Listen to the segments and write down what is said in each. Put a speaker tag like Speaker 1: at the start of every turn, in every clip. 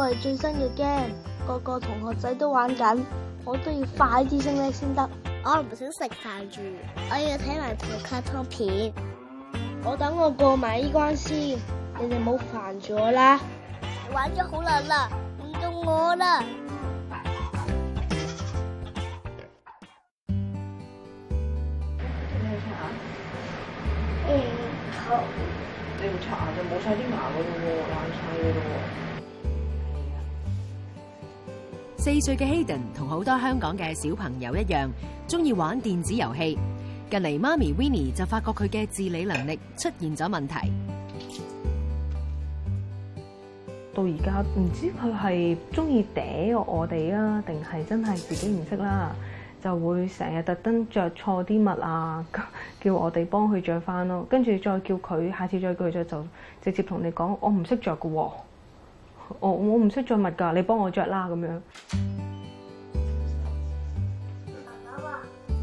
Speaker 1: 係最新嘅 game，個個同學仔都玩緊，我都要快啲升 level 先得。我唔想食飯住，我要睇埋套卡通片。我等我過埋呢關先，你哋唔好煩住我啦。玩咗好耐啦，唔到我啦。嗯，好。你唔刷牙就冇晒啲牙膏咯，爛晒嘅咯。
Speaker 2: 四歲嘅 Haydon 同好多香港嘅小朋友一樣，中意玩電子遊戲。近嚟媽咪 Winnie 就發覺佢嘅自理能力出現咗問題到現在。到而家唔知佢係中意嗲我哋啊，
Speaker 1: 定係真係自己唔識啦，就會成日特登着錯啲物啊，叫我哋幫佢着翻咯。跟住再叫佢，下次再叫佢着就直接同你講，我
Speaker 2: 唔識着嘅。我我唔識着襪㗎，你幫我着啦咁樣。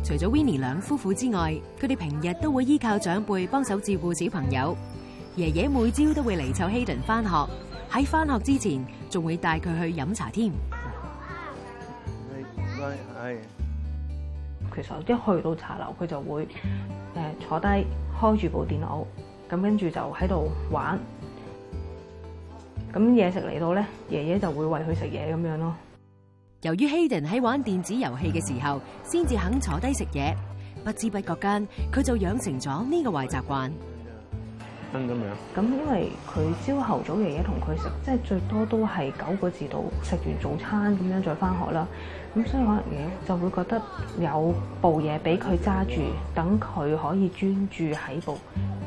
Speaker 2: 除咗 Winnie 兩夫婦之外，佢哋平日都會依靠長輩幫手照顧小朋友。爺爺每朝都會嚟湊 Haydon 返學，喺返學之前仲會帶佢去飲茶添。其實一去到茶樓，佢就會
Speaker 1: 誒，坐低開住部電腦，咁跟住就喺度玩。
Speaker 2: 咁嘢食嚟到咧，爺爺就會餵佢食嘢咁樣咯。由於 Haydon 喺玩電子遊戲嘅時候先至肯坐低食嘢，不知不覺間佢就養成咗呢個壞習慣。
Speaker 1: 分咁因為佢朝頭早爺爺同佢食，即係最多都係九個字度食完早餐咁樣再翻學啦。咁所以可能爺就會覺得有部嘢俾佢揸住，等佢可以專注喺部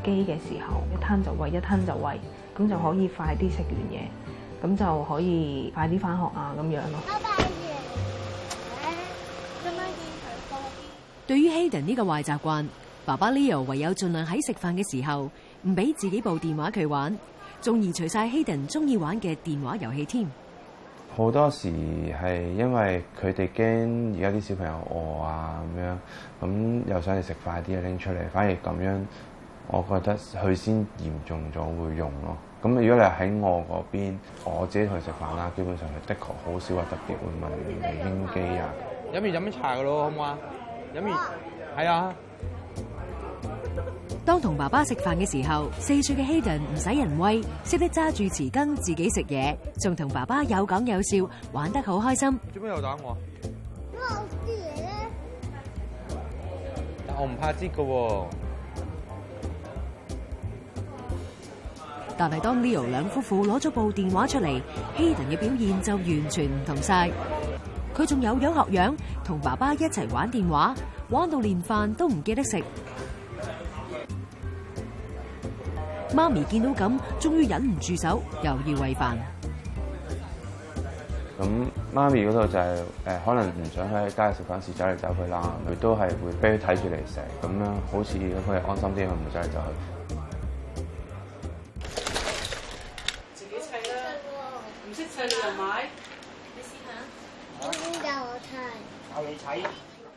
Speaker 1: 機嘅時候，一攤就餵，一攤就餵。咁就可以快啲食完嘢，咁就可以快啲返學啊咁樣咯。拜拜，
Speaker 2: 對於 Haydon 呢個壞習慣，爸爸 Leo 唯有盡量喺食飯嘅時候唔俾自己部電話佢玩，仲移除晒 Haydon 中意玩嘅電話遊戲添。
Speaker 3: 好多時係因為佢哋驚而家啲小朋友餓啊咁樣，咁又想你食快啲啊拎出嚟，反而咁樣。我覺得佢先嚴重咗會用咯。咁如果你喺我嗰邊，我自己去食飯啦，基本上係的確好少話特別會問年輕機啊。飲完飲咩茶嘅咯，好唔好啊？飲完，係啊。
Speaker 2: 當同爸爸食飯嘅時候，四歲嘅 Haydon 唔使人餵，識得揸住匙羹自己食嘢，仲同爸爸有講有笑，玩得好開心。
Speaker 3: 做咩又打我？我好得意但我唔怕知嘅喎。但係當 Leo
Speaker 2: 兩夫婦攞咗部電話出嚟，Haydon 嘅表現就完全唔同晒。佢仲有樣學樣，同爸爸一齊玩電話，玩到連飯都唔記得食。媽咪見到咁，終於忍唔住手，又要喂飯。
Speaker 3: 咁媽咪嗰度就係、是、誒、呃，可能唔想佢喺街食飯時走嚟走去啦，佢都係會俾佢睇住嚟食，咁樣好似佢係安心啲，佢唔走嚟走去。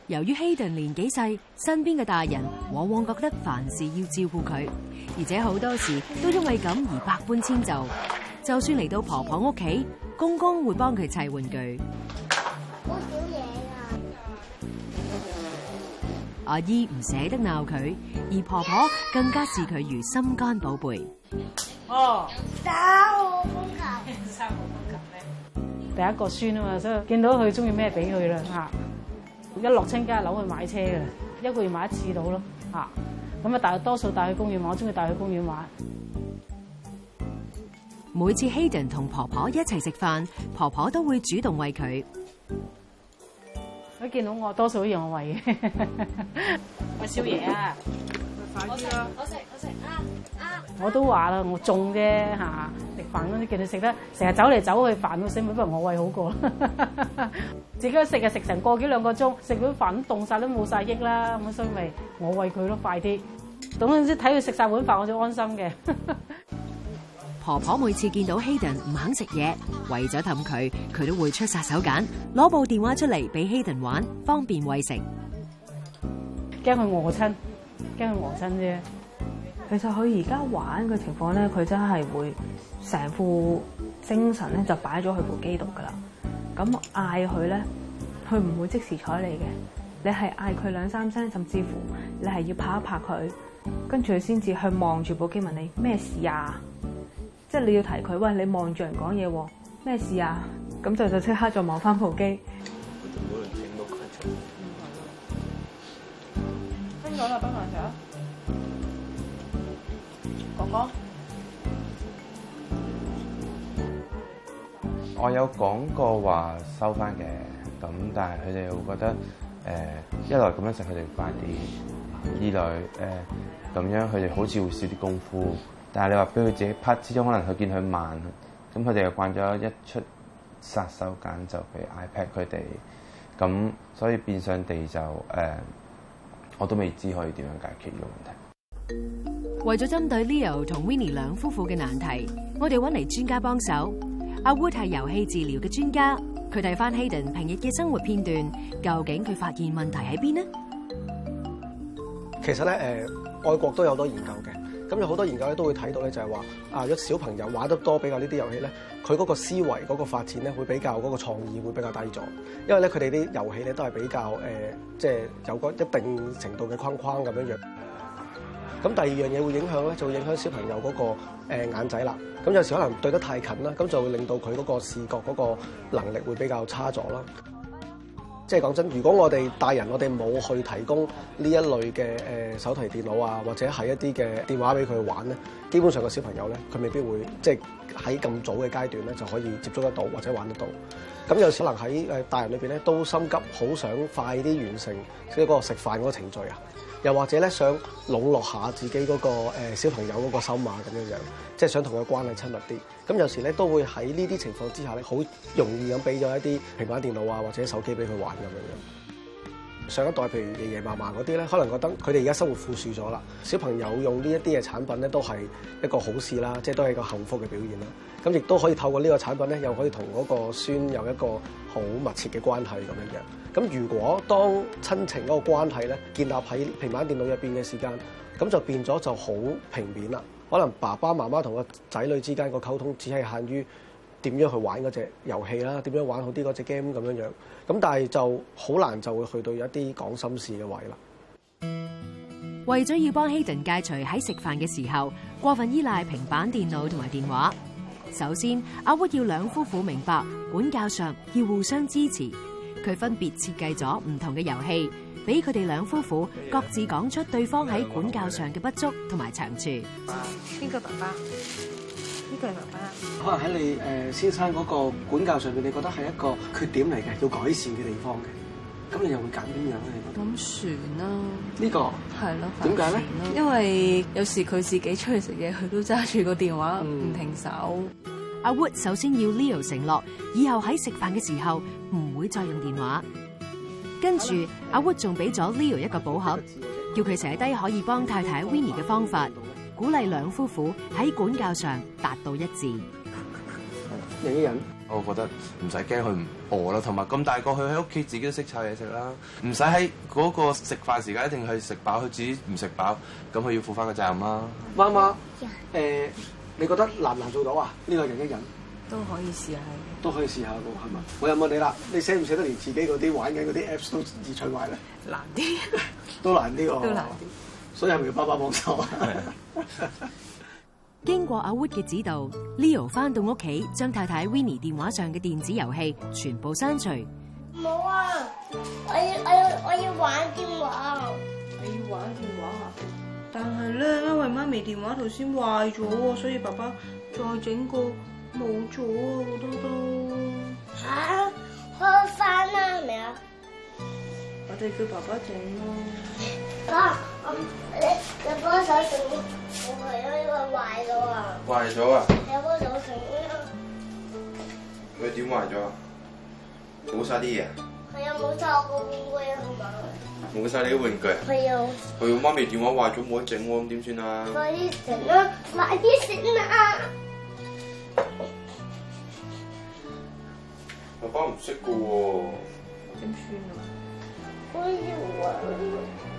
Speaker 2: 由於 Haydon 年紀細，身邊嘅大人往往覺得凡事要照顧佢，而且好多時都因為咁而百般遷就。就算嚟到婆婆屋企，公公會幫佢砌玩具，好少嘢啊！阿姨唔捨得鬧佢，而婆婆更加視佢如心肝寶貝。
Speaker 4: 哦，三個風球，三個風球咩？第一個孫啊嘛，所以見到佢中意咩，俾佢啦吓。一落清家樓去買車嘅，一個月買一次到咯嚇。咁啊，大多數帶去公園玩，我中意帶去公園玩。
Speaker 2: 每次 Haydon 同婆婆一齊食飯，婆婆都會主動餵佢。
Speaker 4: 佢見到我，多數都讓我餵喂，少爺啊！快啲好食好食啊，我吃我吃我吃啊！啊我都話啦，我中啫吓，食飯嗰啲叫你食得，成日走嚟走去飯，煩到死，咪不如我餵好過啦。 自己食啊食成個幾兩個鐘，食碗飯凍晒都冇晒益啦，咁所以咪我餵佢咯快啲。總之睇佢食晒碗飯，我就安心嘅。
Speaker 2: 婆婆每次見到希 n 唔肯食嘢，為咗氹佢，佢都會出殺手鐧，攞部電話出嚟俾希 n 玩，方便餵食。驚佢餓親。
Speaker 1: 驚佢黃身啫。他其實佢而家玩嘅情況咧，佢真係會成副精神咧，就擺咗喺部機度噶啦。咁嗌佢咧，佢唔會即時睬你嘅。你係嗌佢兩三聲，甚至乎你係要拍一拍佢，跟住先至去望住部機問你咩事啊？即係你要提佢，喂，你望住人講嘢喎，咩事啊？咁就再就即刻就望翻部機。聽
Speaker 3: 到啦，北環
Speaker 1: 上。
Speaker 3: 我有講過話收翻嘅，咁但係佢哋會覺得誒、呃，一來咁樣食佢哋快啲，二來誒咁、呃、樣佢哋好似會少啲功夫。但係你話俾佢自己拍，始終，可能佢見佢慢，咁佢哋又慣咗一出殺手鐧，就俾 iPad 佢哋，咁所以變相地就誒、呃，我都未知可以點樣解決呢個問題。
Speaker 2: 為咗針對 Leo 同 Winnie 兩夫婦嘅難題，我哋搵嚟專家幫手。阿 Wood 係遊戲治療嘅專家，佢睇翻 Haydon 平日嘅生活片段，究竟佢發現問題喺邊呢？
Speaker 5: 其實咧，誒，外國都有好多研究嘅，咁有好多研究咧都會睇到咧，就係話啊，如果小朋友玩得多比較呢啲遊戲咧，佢嗰個思維嗰個發展咧會比較嗰、嗰個創意會比較低咗，因為咧佢哋啲遊戲咧都係比較誒，即、呃、係、就是、有嗰一,一定程度嘅框框咁樣樣。咁第二樣嘢會影響咧，就會影響小朋友嗰個眼仔啦。咁有時可能對得太近啦，咁就會令到佢嗰個視覺嗰個能力會比較差咗啦。即係講真，如果我哋大人我哋冇去提供呢一類嘅手提電腦啊，或者係一啲嘅電話俾佢玩咧，基本上個小朋友咧，佢未必會即係喺咁早嘅階段咧就可以接觸得到或者玩得到。咁有時可能喺大人裏面咧都心急，好想快啲完成即係嗰個食飯嗰個程序啊！又或者咧想籠絡下自己嗰個誒小朋友嗰個心碼咁樣樣，即係想同佢關係親密啲。咁有時咧都會喺呢啲情況之下咧，好容易咁俾咗一啲平板電腦啊或者手機俾佢玩咁樣樣。上一代譬如爺爺嫲嫲嗰啲咧，可能覺得佢哋而家生活富庶咗啦，小朋友用呢一啲嘅產品咧，都係一個好事啦，即係都係一個幸福嘅表現啦。咁亦都可以透過呢個產品咧，又可以同嗰個孫有一個好密切嘅關係，咁樣樣。咁如果當親情嗰個關係咧建立喺平板電腦入邊嘅時間，咁就變咗就好平面啦。可能爸爸媽媽同個仔女之間個溝通只係限於。點樣去玩嗰隻遊戲啦？點樣玩好啲嗰隻 game 咁樣樣咁，但係就好難就會去到有一啲講心事嘅位啦。
Speaker 2: 為咗要幫 Haydon 戒除喺食飯嘅時候過分依賴平板電腦同埋電話，首先阿沃要兩夫婦明白管教上要互相支持。佢分別設計咗唔同嘅遊戲，俾佢哋兩夫婦各自講出對方喺管教上嘅不足同埋長
Speaker 5: 處。
Speaker 1: 邊個爸爸？
Speaker 5: 可能喺你、呃、先生嗰個管教上面，你覺得係一個缺點嚟嘅，要改善嘅地方嘅，咁你又會揀邊樣咧？咁船啦、啊，呢個
Speaker 1: 係咯，點解
Speaker 2: 咧？因為有時佢自己出去食嘢，佢都揸住個電話唔停手。阿、嗯、Wood 首先要 Leo 承諾，以後喺食飯嘅時候唔會再用電話。跟住阿 Wood 仲俾咗 Leo 一個寶盒，叫佢寫低可以幫太太 Winnie 嘅方法。鼓勵兩夫婦喺管教上達到一致。
Speaker 3: 忍一忍，我覺得唔使驚佢唔餓啦，同埋咁大個，佢喺屋企自己都識炒嘢食啦，唔使喺嗰個食飯時間一定去食飽，佢自己唔食飽，咁佢要負翻個責任啦。
Speaker 5: 媽媽，誒，你覺得難唔難做到啊？呢個忍一忍都可以試下，都可以試下噶，係嘛？我問問你啦，你捨唔捨得連自己嗰啲玩緊嗰啲 apps 都自取壞咧？難啲，都難啲喎，都難啲，所以係咪要爸爸幫手啊？
Speaker 2: 經過阿 Wood 嘅指導，Leo 翻到屋企將太太 Winnie 電話上嘅電子遊戲全部刪除。冇
Speaker 1: 啊，我要我要我要玩電話。我要玩電話啊？但係咧，因為媽咪電話頭先壞咗啊，所以爸爸再整個冇咗啊，多都吓，開翻啦，咪啊！我哋叫爸爸整咯。
Speaker 3: 阿爸，我你你幫手整，我係
Speaker 1: 因
Speaker 3: 為壞咗啊。壞咗啊？你幫手整啊。佢點壞咗？冇晒啲嘢。係啊，
Speaker 1: 冇晒我個玩
Speaker 3: 具啊，爸爸。冇晒你啲玩具。係啊。佢我媽咪電話壞咗，冇得整，咁點算啊？快啲
Speaker 1: 整
Speaker 3: 啦！快啲整啦！阿爸唔識噶喎。點算啊？
Speaker 1: 我
Speaker 3: 要玩。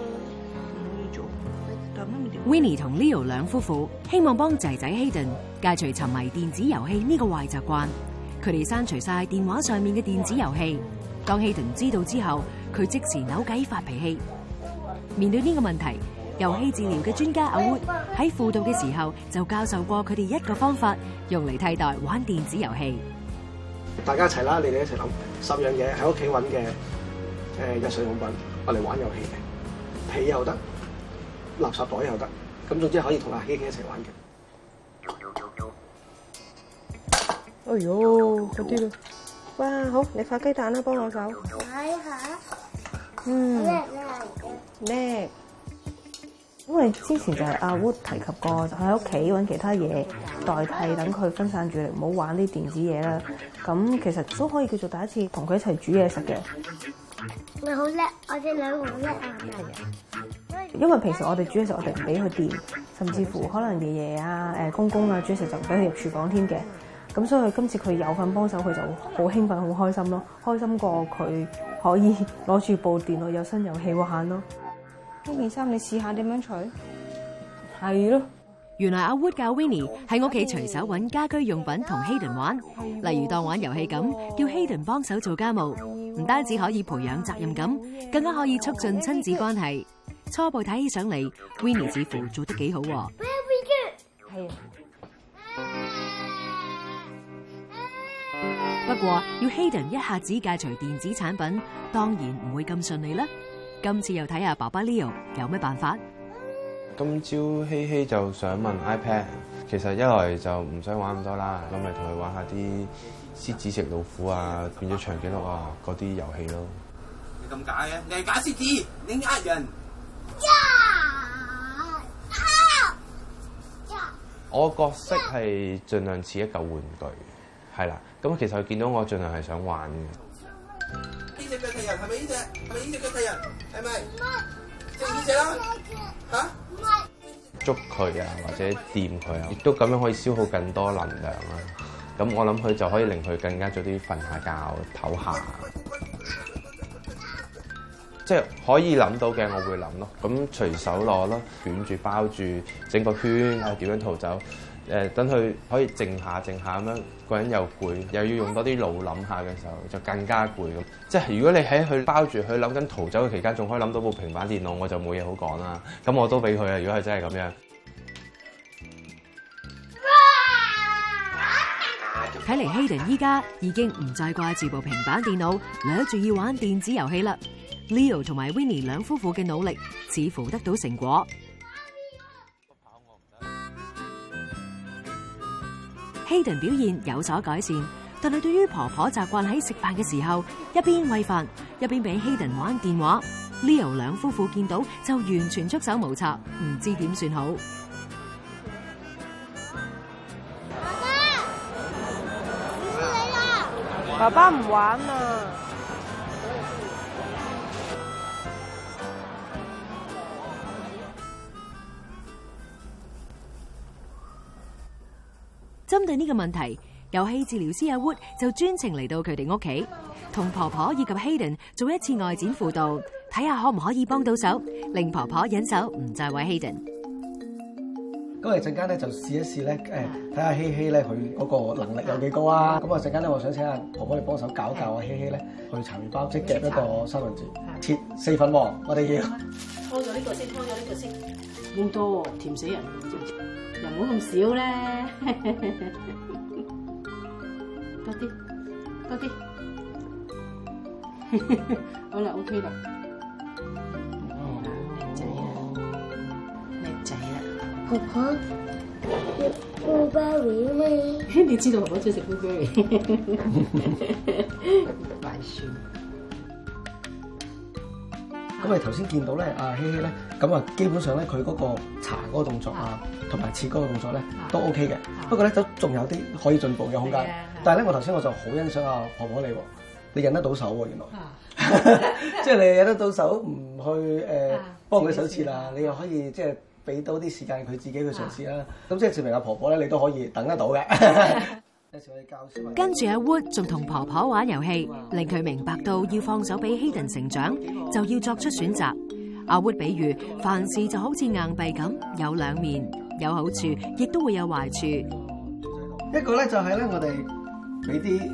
Speaker 2: Winnie 同 Leo 兩夫婦希望幫仔仔 Haydon 戒除沉迷電子遊戲呢個壞習慣，佢哋刪除晒電話上面嘅電子遊戲。當 Haydon 知道之後，佢即時扭計發脾氣。面對呢個問題，遊戲治療嘅專家阿 Will 喺輔導嘅時候就教授過佢哋一個方法，用嚟替代玩電子遊戲。
Speaker 5: 大家一齊啦，你哋一齊諗十樣嘢喺屋企揾嘅誒日常用品，我嚟玩遊戲嘅，皮又得。垃圾袋又
Speaker 1: 得，咁總之可以同阿希希一齊玩嘅。哎呦，快啲啦！哇，好，你發雞蛋啦，幫我手。睇下。嗯。叻。叻。叻。因為之前就係阿 Wood 提及過，就喺屋企揾其他嘢代替，等佢分散注意力，唔好玩啲電子嘢啦。咁其實都可以叫做第一次同佢一齊煮嘢食嘅。你好叻，我隻女好叻啊！係啊。因為平時我哋煮嘢食，我哋唔俾佢掂，甚至乎可能爺爺啊、誒公公啊煮嘢食就唔俾佢入廚房添嘅。咁所以今次佢有份幫手，佢就好興奮、好開心咯。開心過佢可以攞住部電
Speaker 2: 腦有新遊戲玩咯。呢
Speaker 1: 件衫你試下點樣取？
Speaker 2: 係咯的，原來阿 Wood 教 Winnie 喺屋企隨手揾家居用品同 Haydon 玩，例如當玩遊戲咁，叫 Haydon 幫手做家務，唔單止可以培養責任感，更加可以促進親子關係。初步睇起上嚟，Winnie 似乎做得幾好。係啊。不過要 Haydon 一下子戒除電子產品，當然唔會咁順利啦。今次又睇下爸爸 Leo 有咩辦法？
Speaker 3: 今朝希希就想問 iPad，其實一來就唔想玩咁多啦，咁咪同佢玩下啲獅子食老虎啊、變咗長頸鹿啊嗰啲遊戲咯。咁假嘅？你係假獅子，你呃人。我角色係盡量似一嚿玩具，係啦。咁其實佢見到我，盡量係想玩嘅。呢隻腳踢人係咪呢隻？係咪呢隻腳踢人？係咪？成捉佢啊，或者掂佢啊，亦都咁樣可以消耗更多能量啦。咁我諗佢就可以令佢更加早啲瞓下覺，唞下。即係可以諗到嘅，我會諗咯。咁隨手攞咯，捲住包住整個圈，係點樣逃走？誒，等佢可以靜下靜下咁樣，個人又攰，又要用多啲腦諗下嘅時候，就更加攰咁。即係如果你喺佢包住佢諗緊逃走嘅期間，仲可以諗到部平板電腦，我就冇嘢好講啦。咁我都俾佢啊！如果佢真係咁樣，
Speaker 2: 睇嚟希頓依家已經唔再掛住部平板電腦，攞住要玩電子遊戲啦。Leo 同埋 Winnie 兩夫婦嘅努力似乎得到成果，Haydon 表現有所改善，但係對於婆婆習慣喺食飯嘅時候一邊餵飯一邊俾 Haydon 玩電話，Leo 兩夫婦見到就完全束手無策，唔知點算好。
Speaker 4: 爸爸，爸爸唔玩啊！
Speaker 2: 針對呢個問題，遊戲治療師阿 Wood 就專程嚟到佢哋屋企，同婆婆以及 Haydon 做一次外展輔導，睇下可唔可以幫到手，令婆婆忍手唔再餵 Haydon。
Speaker 5: 咁啊，陣間咧就試一試咧，誒，睇下希希咧佢嗰個能力有幾高啊！咁啊、嗯，陣間咧我想請阿婆婆去幫手教、嗯、一教啊、嗯，希希咧去搽麵包，嗯、即係夾一個三文治，嗯、切四份喎，我哋要。放咗呢個先，放咗呢個先。好、這個、多，甜死
Speaker 4: 人。又冇咁少咧，多啲，多啲，好啦，OK 啦。靚、哦、仔啊，靚、哦、仔啦，婆婆、哦，咕巴味咩？你知道婆婆中意食咕巴味。
Speaker 5: 怪獸。 咁你頭先見到咧，阿、啊、希希咧。咁啊，基本上咧，佢嗰個搽嗰個動作啊，同埋切嗰個動作咧，都 OK 嘅。不過咧，都仲有啲可以進步嘅空間。但係咧，我頭先我就好欣賞阿婆婆你喎，你忍得到手喎，原來。即係你忍得到手，唔去誒、呃啊、幫佢手切啦，你又可以即係俾多啲時間佢自己去嘗試啦。咁即係證明阿婆婆咧，你都可以等得到嘅。
Speaker 2: 跟住阿 Wood 仲同婆婆玩遊戲，令佢明白到要放手俾 Haydon 成長，就要作出選擇。阿彌，比如凡事就好似硬幣咁，有兩面，有好處，亦都會有壞處。
Speaker 5: 一個咧就係咧，我哋俾啲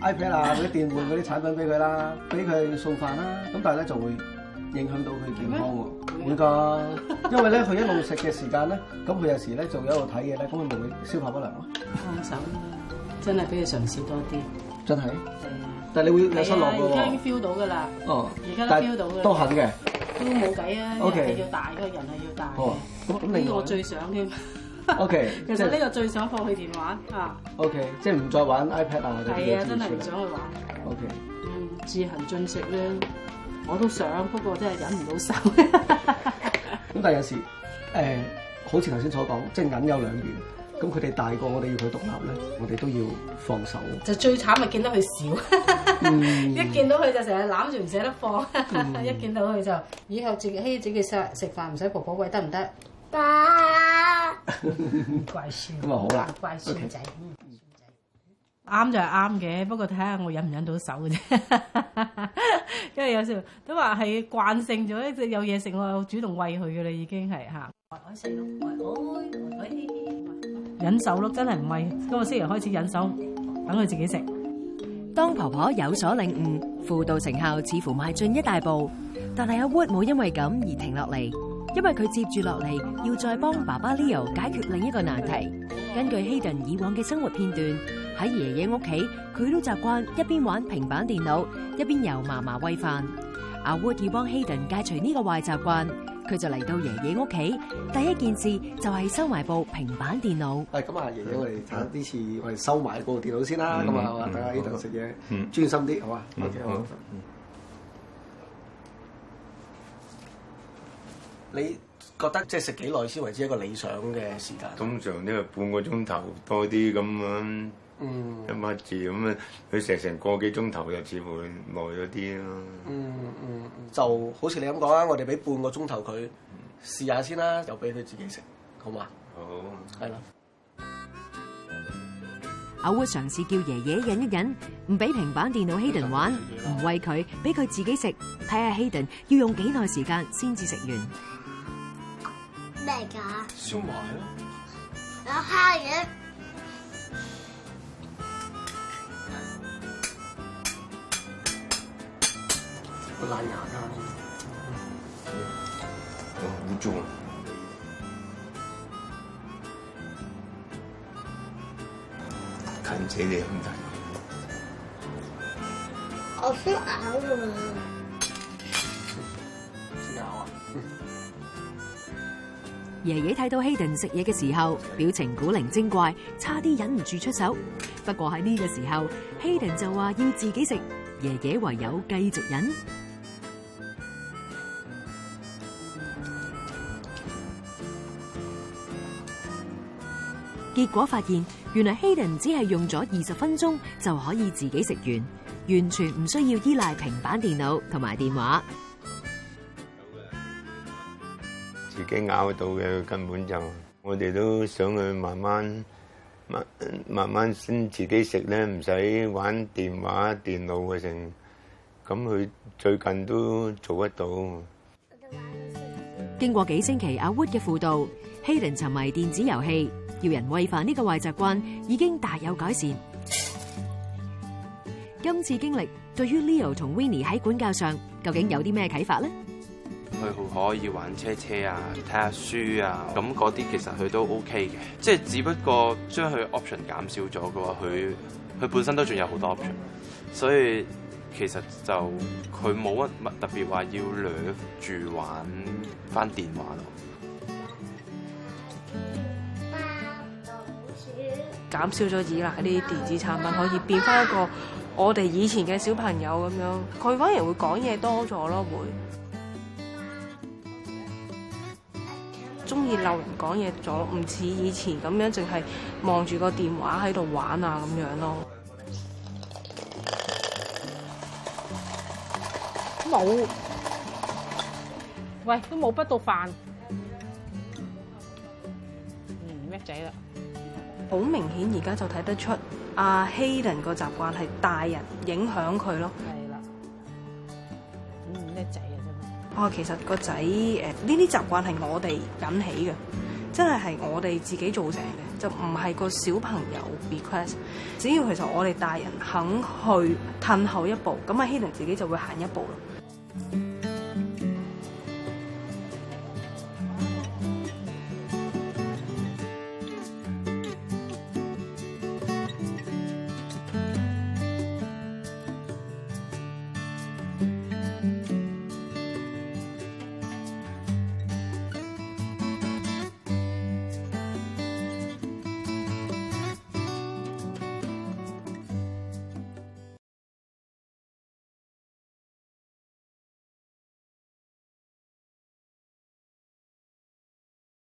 Speaker 5: iPad 啊，啲電玩嗰啲產品俾佢啦，俾佢掃飯啦，咁但係就會影響到佢健康喎。會㗎，因為咧佢一路食嘅時間咧，咁佢有時咧仲一路睇嘢咧，咁佢咪會消化不良咯。放手啦，真係俾佢嘗試多啲。真係，真係嗯、但係你會有失落㗎喎。而家已經
Speaker 4: feel 到㗎啦。哦。而家都 feel 到但係多肯嘅。都冇計啊！屋企 Okay. 要大，個人啊要大，呢個我最想添。O Okay , K， 其實呢個最想即放去電話啊。O、
Speaker 5: okay, K，即係唔再玩 iPad 啊！係啊，真係唔想去玩。O Okay . K，嗯，自行進食咧，我都
Speaker 4: 想，不過真係忍唔到手。
Speaker 5: 咁 但係有時，誒、呃，好似頭先所講，即係銀有兩邊。咁佢哋大個，我哋要佢獨立咧，我哋都要放手，啊。就最慘咪見到佢少，一見
Speaker 4: 到佢就成日攬住唔捨得放， 一見到佢就以後自己餵、hey, Hey, 自己食食飯唔使婆婆餵得唔得？得，乖孫咁啊好啦，乖孫仔，啱就係啱嘅，不過睇下我忍唔忍到手嘅啫，因為有時都話係慣性咗，有嘢食我主動餵佢嘅啦，已經係嚇。忍手咯，真係唔係，今個星期開始忍手，等佢自己
Speaker 2: 食。當婆婆有所領悟，輔導成效似乎邁進一大步。但係阿 Wood 冇因為咁而停落嚟，因為佢接住落嚟要再幫爸爸 Leo 解決另一個難題。根據 Haydon 以往嘅生活片段，喺爺爺屋企，佢都習慣一邊玩平板電腦，一邊由嫲嫲餵飯。阿 Wood 要幫 Haydon 戒除呢個壞習慣。佢就嚟到爺爺屋企，第一件事就係收埋部平板電腦。
Speaker 5: 誒，咁啊，爺爺我哋睇下呢次，我哋收埋嗰部電腦先啦，咁啊，等下呢度食嘢，專心啲，好嗎？好嘅，好。嗯。你覺得即係食幾耐先為之一個理想嘅時間？
Speaker 3: 通常都係半個鐘頭多啲咁樣。嗯，看一筆字咁啊，佢食成個幾鐘頭又似乎耐咗啲咯。嗯嗯，
Speaker 5: 就好似你咁講啊，我哋俾半個鐘頭佢試下先啦，又俾佢自己食，好嘛？好，係啦了。
Speaker 2: 我會嘗試叫爺爺忍一忍，唔俾平板電腦 Haydon 玩，唔餵佢，俾佢自己食，睇下 Haydon 要用幾耐時間先至食完。
Speaker 1: 咩㗎麼？
Speaker 2: 燒埋啦！有蝦嘢。
Speaker 3: 我唔中，乾脆嚟一份。我食咬嘅啦，食咬啊！
Speaker 2: 爺爺睇到希頓食嘢嘅時候，表情古靈精怪，差啲忍唔住出手。不過喺呢個時候，希頓就話要自己食，爺爺唯有繼續忍。結果發現，原來 Haydon 只係用咗二十分鐘就可以自己食完，完全唔需要依賴平板電腦同埋電話。
Speaker 3: 自己咬到嘅根本就，我哋都想佢慢慢慢慢慢先自己食咧，唔使玩電話、電腦嘅成。咁佢最近都做得到。
Speaker 2: 經過幾星期阿 Wood 嘅輔導，Haydon 沉迷電子遊戲，要人餵飯呢個壞習慣已經大有改善。今次經歷對於 Leo 同 Winnie 喺管教上究竟有啲咩啟發咧？
Speaker 3: 佢可以玩車車啊，睇下書啊，咁嗰啲其實佢都 OK 嘅，即係只不過將佢 option 減少咗嘅話，佢佢本身都仲有好多 option，所以其實就佢冇乜特別話要掠住玩翻電話咯。減少咗依賴啲電子產品，可以變
Speaker 1: 翻一個我哋以前嘅小朋友咁樣。佢反而會講嘢多咗咯，會。中意鬧人講嘢咗，唔似以前咁樣，淨係望住個電話喺度玩啊咁樣咯。
Speaker 4: 冇。喂，都冇不到飯。嗯、叻、嗯、仔
Speaker 1: 啦。好明顯，而家就睇得出阿 Haydon 個習慣係大人影響佢咯。係
Speaker 4: 啦，咁唔叻仔
Speaker 1: 嘅真哦，其實個仔，誒呢啲習慣係我哋引起嘅，真係係我哋自己造成嘅，就唔係個小朋友 request。只要其實我哋大人肯去退後一步，咁阿 Haydon 自己就會行一步咯。